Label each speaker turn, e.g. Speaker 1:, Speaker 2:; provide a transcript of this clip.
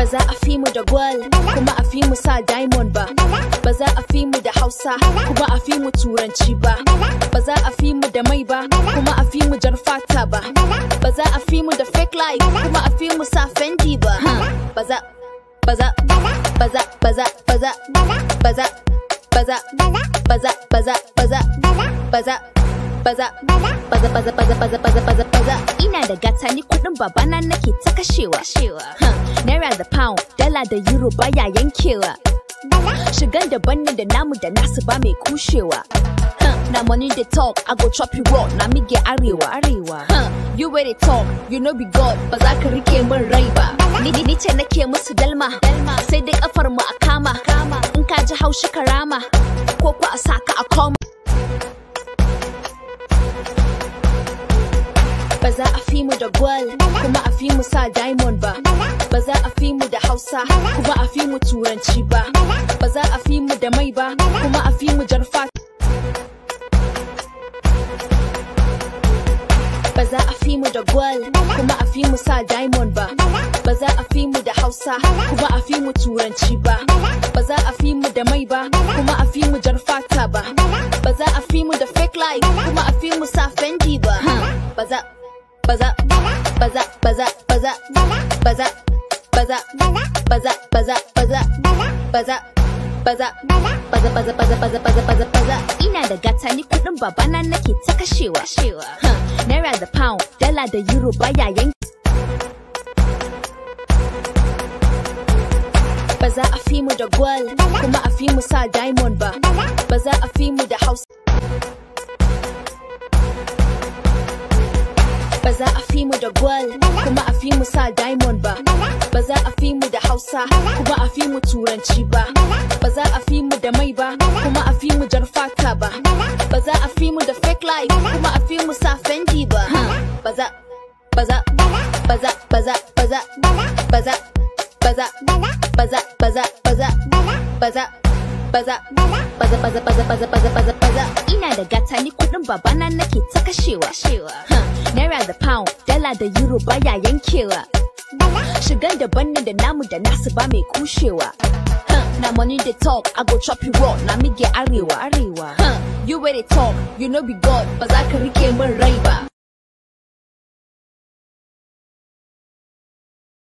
Speaker 1: ba za a fi mu da gwal kuma a fi mu sa diamond ba ba za a fi mu da hausa kuma a fi mu turanci ba ba za a fi mu da mai ba kuma a fi mu jar fata ba ba za a fi mu da fake life kuma a fi mu sa fendi ba ba za ba za ba za ba za ba za ba za ba za ba za ba za ba za ba za ba za ba za ina da gata ni kudin babana nake ta kashewa naira da pound dala da euro baya yankewa shigan daban ne da namu da nasu ba mai kushewa na money dey talk i go chop you raw na me get arewa arewa you wey dey talk you no be god ba za ka rike min rai ba ni ni ce nake musu dalma sai dai kafar mu a kama in ka ji haushi karama ko ku a saka a koma ba za a fi mu da gwal kuma a fi mu sa diamond ba ba za a fi mu da hausa kuma a fi mu turanci ba ba za a fi mu da mai ba kuma a fi mu jarfa ba za a fi mu da gwal kuma a fi mu sa diamond ba ba za a fi mu da hausa kuma a fi mu turanci ba ba za a fi mu da mai ba kuma a fi mu jarfa baza baza baza baza baza baza baza baza baza baza baza baza baza baza baza baza baza baza baza ina da gata ni kudin babana nake ta kashewa naira da pound dala da euro baya yanki ba za a fi mu da gwal kuma a fi mu sa diamond ba ba za a fi mu da hausa ba za a fi mu da gwal kuma a fi mu sa diamond ba ba za a fi mu da hausa kuma a fi mu turanci ba ba za a fi mu da mai ba kuma a fi mu jar fata ba ba za a fi mu da fake life kuma a fi mu sa fendi ba ba za ba za ba za ba za ba za ba za ba za ba za ba za ba za ba za ba za ba za baza baza baza baza baza baza baza ina da gata ni kudin babana nake ta kashewa naira da pound dala da euro baya yankewa shigan da ne da namu da nasu ba mai kushewa na money the talk i go chop you raw na mige arewa arewa you wey dey talk you no be god ba za ka rike min rai ba